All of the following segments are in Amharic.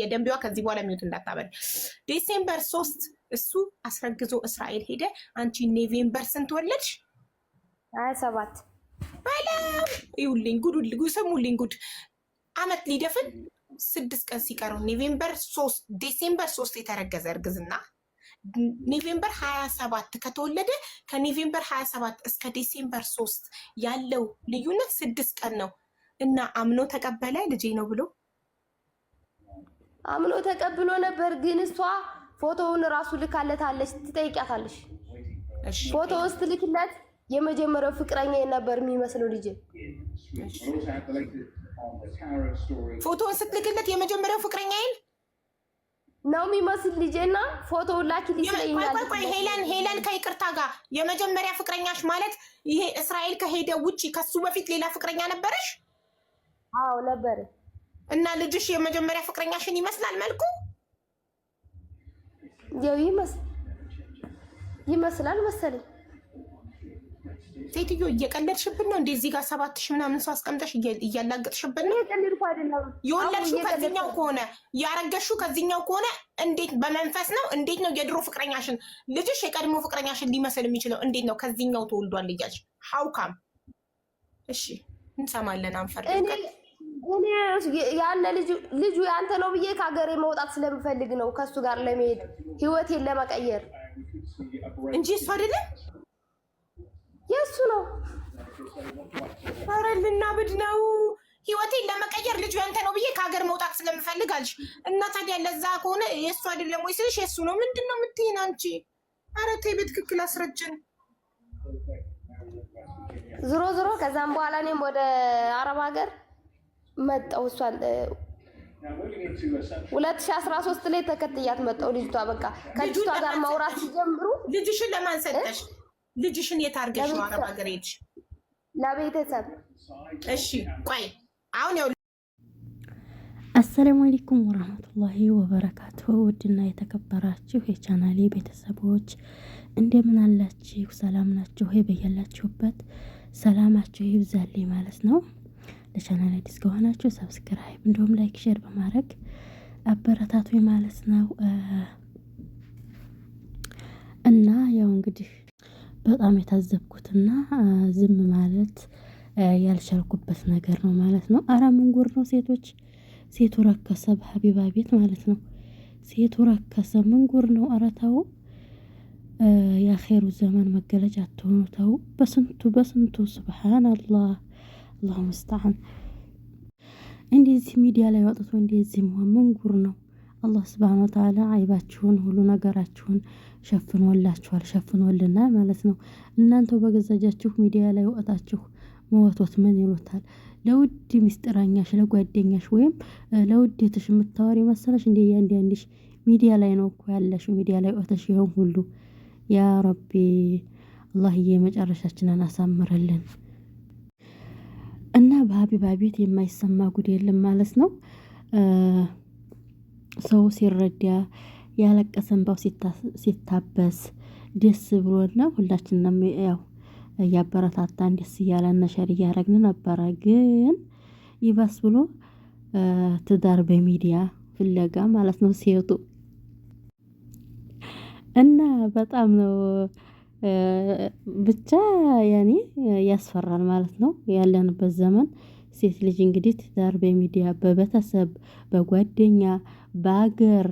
የደንቢዋ ከዚህ በኋላ ሚዩት እንዳታበል። ዲሴምበር ሶስት እሱ አስረግዞ እስራኤል ሄደ። አንቺ ኔቬምበር ስንት ወለድሽ? ሀያ ሰባት በላም። ይኸውልኝ ጉድ ስሙልኝ ጉድ። አመት ሊደፍን ስድስት ቀን ሲቀረው ኔቬምበር ሶስት ዲሴምበር ሶስት የተረገዘ እርግዝና ኔቬምበር ሀያ ሰባት ከተወለደ ከኔቬምበር ሀያ ሰባት እስከ ዲሴምበር ሶስት ያለው ልዩነት ስድስት ቀን ነው እና አምኖ ተቀበለ ልጄ ነው ብሎ አምኖ ተቀብሎ ነበር። ግን እሷ ፎቶውን ራሱ ልካለታለች። ትጠይቂያታለሽ። ፎቶውን ስትልክለት የመጀመሪያው ፍቅረኛ ነበር የሚመስለው ልጅ። ፎቶውን ስትልክለት የመጀመሪያው ፍቅረኛ ነው የሚመስል ልጅ እና ፎቶ ላኪ ሄለን ሄለን ከይቅርታ ጋር የመጀመሪያ ፍቅረኛሽ ማለት ይሄ እስራኤል ከሄደ ውጪ ከሱ በፊት ሌላ ፍቅረኛ ነበረሽ? አዎ ነበረ። እና ልጅሽ የመጀመሪያ ፍቅረኛሽን ይመስላል መልኩ ያው ይመስላል መሰለኝ። ሴትዮ እየቀለድሽብን ነው እንዴ? ጋር ሰባት ሺህ ምናምን ሰው አስቀምጠሽ እያላገጥሽብን ነው። የወለድሽው ከዚኛው ከሆነ ያረገሽው ከዚኛው ከሆነ እንዴት በመንፈስ ነው? እንዴት ነው የድሮ ፍቅረኛሽን ልጅሽ የቀድሞ ፍቅረኛሽን ሊመስል የሚችለው እንዴት ነው? ከዚኛው ተወልዷል እያልሽ ሀውካም። እሺ እንሰማለን አንፈርድ ያለ ልጁ ያንተ ነው ብዬ ከሀገሬ መውጣት ስለምፈልግ ነው ከሱ ጋር ለመሄድ ህይወቴን ለመቀየር እንጂ እሱ አይደለም የእሱ ነው። ኧረ ልናብድ ነው። ህይወቴን ለመቀየር ልጁ ያንተ ነው ብዬ ከሀገር መውጣት ስለምፈልግ አልሽ። እና ታዲያ ለዛ ከሆነ የእሱ አይደለም ወይ ስልሽ የእሱ ነው ምንድን ነው የምትይን አንቺ? ኧረ ተይ በትክክል አስረጅን። ዝሮ ዝሮ ከዛም በኋላ እኔም ወደ አረብ ሀገር መጣው እሷን ሶስት ላይ ተከትያት መጣው። ልጅቷ በቃ ከልጅቷ ጋር ማውራት ሲጀምሩ ልጅሽን ለማን ሰጠሽ? ልጅሽን የታርገሽ ነው አረብ ሀገር ሄድሽ? ለቤተሰብ። እሺ ቆይ አሁን ያው አሰላሙ አለይኩም ወራህመቱላሂ ወበረካቱ። ውድና የተከበራችሁ የቻናሌ ቤተሰቦች እንደምን አላችሁ? ሰላም ናችሁ? በያላችሁበት ሰላማችሁ ይብዛልኝ ማለት ነው። ለቻናል አዲስ ከሆናችሁ ሰብስክራይብ እንዲሁም ላይክ፣ ሼር በማድረግ አበረታቱ ማለት ነው። እና ያው እንግዲህ በጣም የታዘብኩትና ዝም ማለት ያልቻልኩበት ነገር ነው ማለት ነው። አረ ምን ነው ሴቶች፣ ሴቱ ረከሰ በሀቢባ ቤት ማለት ነው። ሴቱ ረከሰ ምንጉር ነው? አረ ተው፣ የአኼሩ ዘመን መገለጫ አትሆኑ ተው። በስንቱ በስንቱ ስብሓን አላህ አላሁ ሙስተዓን። እንደዚህ ሚዲያ ላይ ወጥቶ እንደዚህ መሆን ምን ጉር ነው? አላህ ስብሃነ ወተዓላ አይባችሁን ሁሉ ነገራችሁን ሸፍኖላችኋል፣ ሸፍኖልናል ማለት ነው። እናንተው በገዛጃችሁ ሚዲያ ላይ ወጣችሁ መወቶት ምን ይሉታል? ለውድ ሚስጥረኛሽ ለጓደኛሽ ወይም ለውዴትሽ የምታወሪ መሰለሽ? እንደ እያንዳንድሽ ሚዲያ ላይ ነው እኮ ያለሽው። ሚዲያ ላይ ወጥተሽ ይኸው ሁሉ ያ ረቢ አላህዬ መጨረሻችንን አሳምርልን። እና በሀቢባ ቤት የማይሰማ ጉድ የለም ማለት ነው። ሰው ሲረዳ ያለቀሰ እንባው ሲታበስ ደስ ብሎና ሁላችንም ያው እያበረታታን ደስ እያለን ነሸር እያረግን ነበረ። ግን ይባስ ብሎ ትዳር በሚዲያ ፍለጋ ማለት ነው ሲወጡ እና በጣም ነው ብቻ ያኔ ያስፈራል ማለት ነው ያለንበት ዘመን። ሴት ልጅ እንግዲህ ትዳር በሚዲያ በቤተሰብ በጓደኛ በሀገር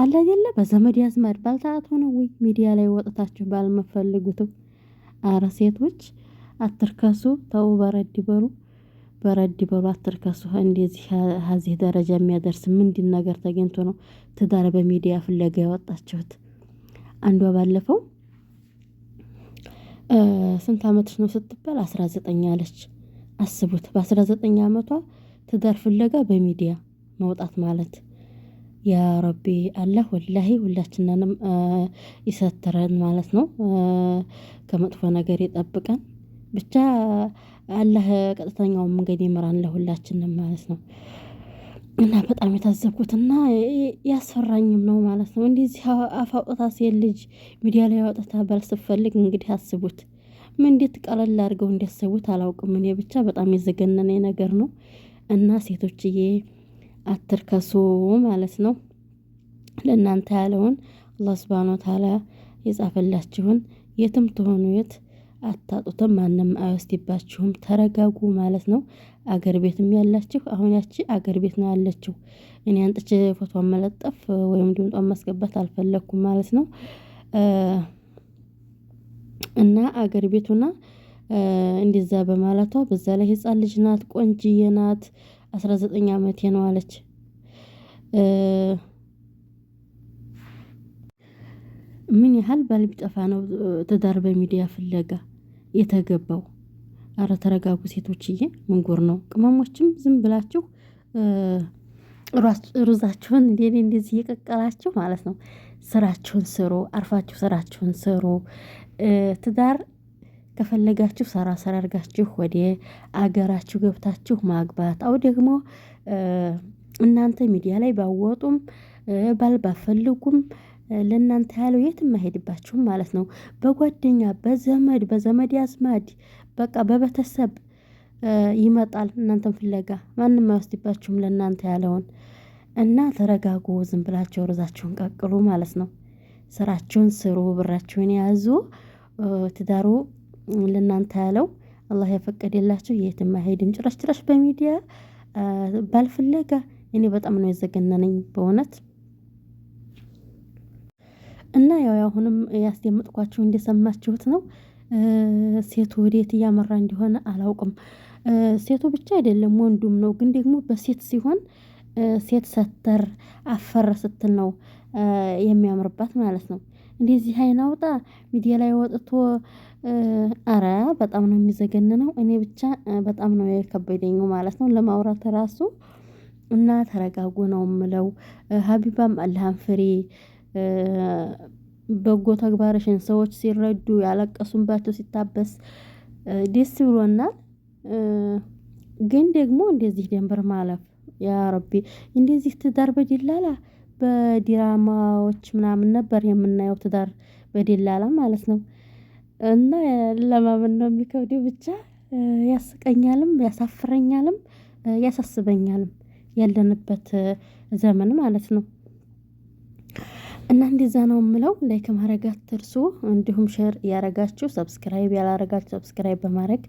አለ አይደለ በዘመድ ያዝማድ ባልታት ሆነ ወይ ሚዲያ ላይ ወጥታችሁ ባልመፈልጉትም። አረ ሴቶች አትርከሱ ተው በረድ በሉ በረድ በሉ አትርከሱ። እንደዚህ ሀዚህ ደረጃ የሚያደርስ ምንድን ነገር ተገኝቶ ነው ትዳር በሚዲያ ፍለጋ ያወጣችሁት? አንዷ ባለፈው ስንት አመትሽ ነው ስትባል አስራ ዘጠኝ አለች። አስቡት በአስራ ዘጠኝ አመቷ ትዳር ፍለጋ በሚዲያ መውጣት ማለት ያ ረቢ አላህ ወላሂ ሁላችንንም ይሰትረን ማለት ነው። ከመጥፎ ነገር ይጠብቀን። ብቻ አላህ ቀጥተኛውን መንገድ ይምራን ለሁላችንም ማለት ነው። እና በጣም የታዘብኩትና ያስፈራኝም ነው ማለት ነው። እንደዚህ አፍ አውጥታ ሴት ልጅ ሚዲያ ላይ አውጥታ ባልስፈልግ እንግዲህ አስቡት። ምን እንዴት ቀለል አድርገው እንዲያስቡት አላውቅም። እኔ ብቻ በጣም የዘገነነ ነገር ነው እና ሴቶችዬ አትርከሱ ማለት ነው። ለእናንተ ያለውን አላህ ስብሃነ ወተዓላ የጻፈላችሁን የትም ትሆኑ የት አታጡትም። ማንም አይወስድባችሁም። ተረጋጉ ማለት ነው። አገር ቤትም ያላችሁ አሁን ያቺ አገር ቤት ነው ያለችው። እኔ አንጥቼ ፎቶን መለጠፍ ወይም ድምጧን ማስገባት አልፈለግኩም ማለት ነው። እና አገር ቤቱና እንዲዛ በማለቷ በዛ ላይ ህፃን ልጅ ናት፣ ቆንጅዬ ናት። አስራ ዘጠኝ ዓመቴ ነው አለች። ምን ያህል ባል ቢጠፋ ነው ትዳር በሚዲያ ፍለጋ የተገባው? አረ ተረጋጉ ሴቶችዬ፣ ምንጉር ነው? ቅመሞችም ዝም ብላችሁ ሩዛችሁን እንዴ እንደዚህ እየቀቀላችሁ ማለት ነው። ስራችሁን ስሩ፣ አርፋችሁ ስራችሁን ስሩ። ትዳር ከፈለጋችሁ ሰራ ሰራ አድርጋችሁ ወደ አገራችሁ ገብታችሁ ማግባት አው ደግሞ እናንተ ሚዲያ ላይ ባወጡም ባል ባፈልጉም ለእናንተ ያለው የት አይሄድባችሁም ማለት ነው። በጓደኛ በዘመድ በዘመድ አዝማድ በቃ በቤተሰብ ይመጣል እናንተን ፍለጋ። ማንም አይወስድባችሁም ለእናንተ ያለውን እና ተረጋጉ። ዝም ብላቸው ርዛችሁን ቀቅሉ ማለት ነው። ስራችሁን ስሩ፣ ብራችሁን የያዙ ትዳሩ ለእናንተ ያለው አላህ የፈቀደላችሁ የት አይሄድም። ጭራሽ ጭራሽ በሚዲያ ባልፍለጋ እኔ በጣም ነው የዘገነነኝ በእውነት እና ያው አሁንም ያስደመጥኳችሁ እንደሰማችሁት ነው። ሴቱ ወዴት እያመራ እንደሆነ አላውቅም። ሴቱ ብቻ አይደለም ወንዱም ነው። ግን ደግሞ በሴት ሲሆን ሴት ሰተር አፈር ስትል ነው የሚያምርባት ማለት ነው። እንደዚህ አይን አውጣ ሚዲያ ላይ ወጥቶ አረ በጣም ነው የሚዘገንነው። እኔ ብቻ በጣም ነው የከበደኝ ማለት ነው ለማውራት ራሱ እና ተረጋጉ ነው የምለው። ሀቢባም አላህን ፍሬ በጎ ተግባርሽን ሰዎች ሲረዱ ያለቀሱባቸው ሲታበስ ደስ ብሎናል። ግን ደግሞ እንደዚህ ደንበር ማለፍ ያ ረቢ እንደዚህ ትዳር በደላላ በዲራማዎች ምናምን ነበር የምናየው ትዳር በደላላ ማለት ነው። እና ለማመን ነው የሚከብደው ብቻ ያስቀኛልም ያሳፍረኛልም ያሳስበኛልም ያለንበት ዘመን ማለት ነው እና እንደዛ ነው የምለው። ላይክ ማድረግ አትርሱ፣ እንዲሁም ሼር ያረጋችሁ፣ ሰብስክራይብ ያላረጋችሁ ሰብስክራይብ በማድረግ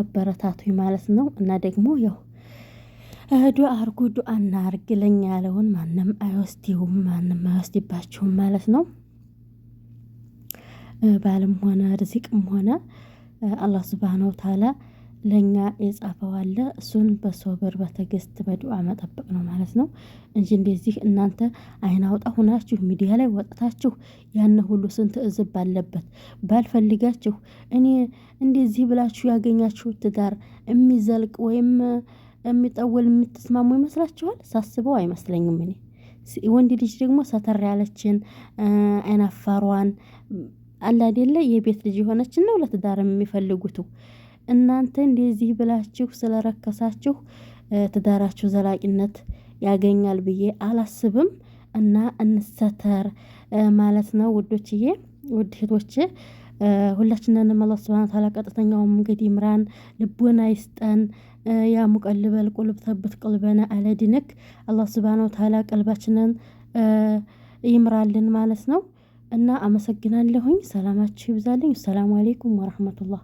አበረታቱኝ ማለት ነው። እና ደግሞ ያው ዱአ አርጉ፣ ዱአ እናርግ። ለኛ ያለውን ማንም አይወስድውም፣ ማንም አይወስድባችሁም ማለት ነው። ባልም ሆነ ርዚቅም ሆነ አላህ ሱብሃነሁ ወተዓላ ለእኛ የጻፈው አለ። እሱን በሶበር በትዕግስት በዱዓ መጠበቅ ነው ማለት ነው እንጂ እንደዚህ እናንተ አይን አውጣ ሁናችሁ ሚዲያ ላይ ወጥታችሁ ያን ሁሉ ስንት እዝብ ባለበት ባልፈልጋችሁ እኔ እንደዚህ ብላችሁ ያገኛችሁ ትዳር የሚዘልቅ ወይም የሚጠወል የምትስማሙ ይመስላችኋል? ሳስበው አይመስለኝም። እኔ ወንድ ልጅ ደግሞ ሰተር ያለችን አይናፋሯን አንዳንዴ የቤት ልጅ የሆነችን ነው ለትዳር የሚፈልጉት እናንተ እንደዚህ ብላችሁ ስለረከሳችሁ ትዳራችሁ ዘላቂነት ያገኛል ብዬ አላስብም። እና እንሰተር ማለት ነው ውዶችዬ፣ ውድ ሄዶች ሁላችንንም አላህ ሱብሃነሁ ወተዓላ ቀጥተኛውም እንግዲህ ምራን ልቦና ይስጠን። ያ ሙቀልበል ቁልብ ተብት ቅልበነ አለ ዲንክ አላህ ሱብሃነሁ ወተዓላ ቀልባችንን ይምራልን ማለት ነው። እና አመሰግናለሁኝ። ሰላማችሁ ይብዛልኝ። ሰላም አሌይኩም ወረህመቱላህ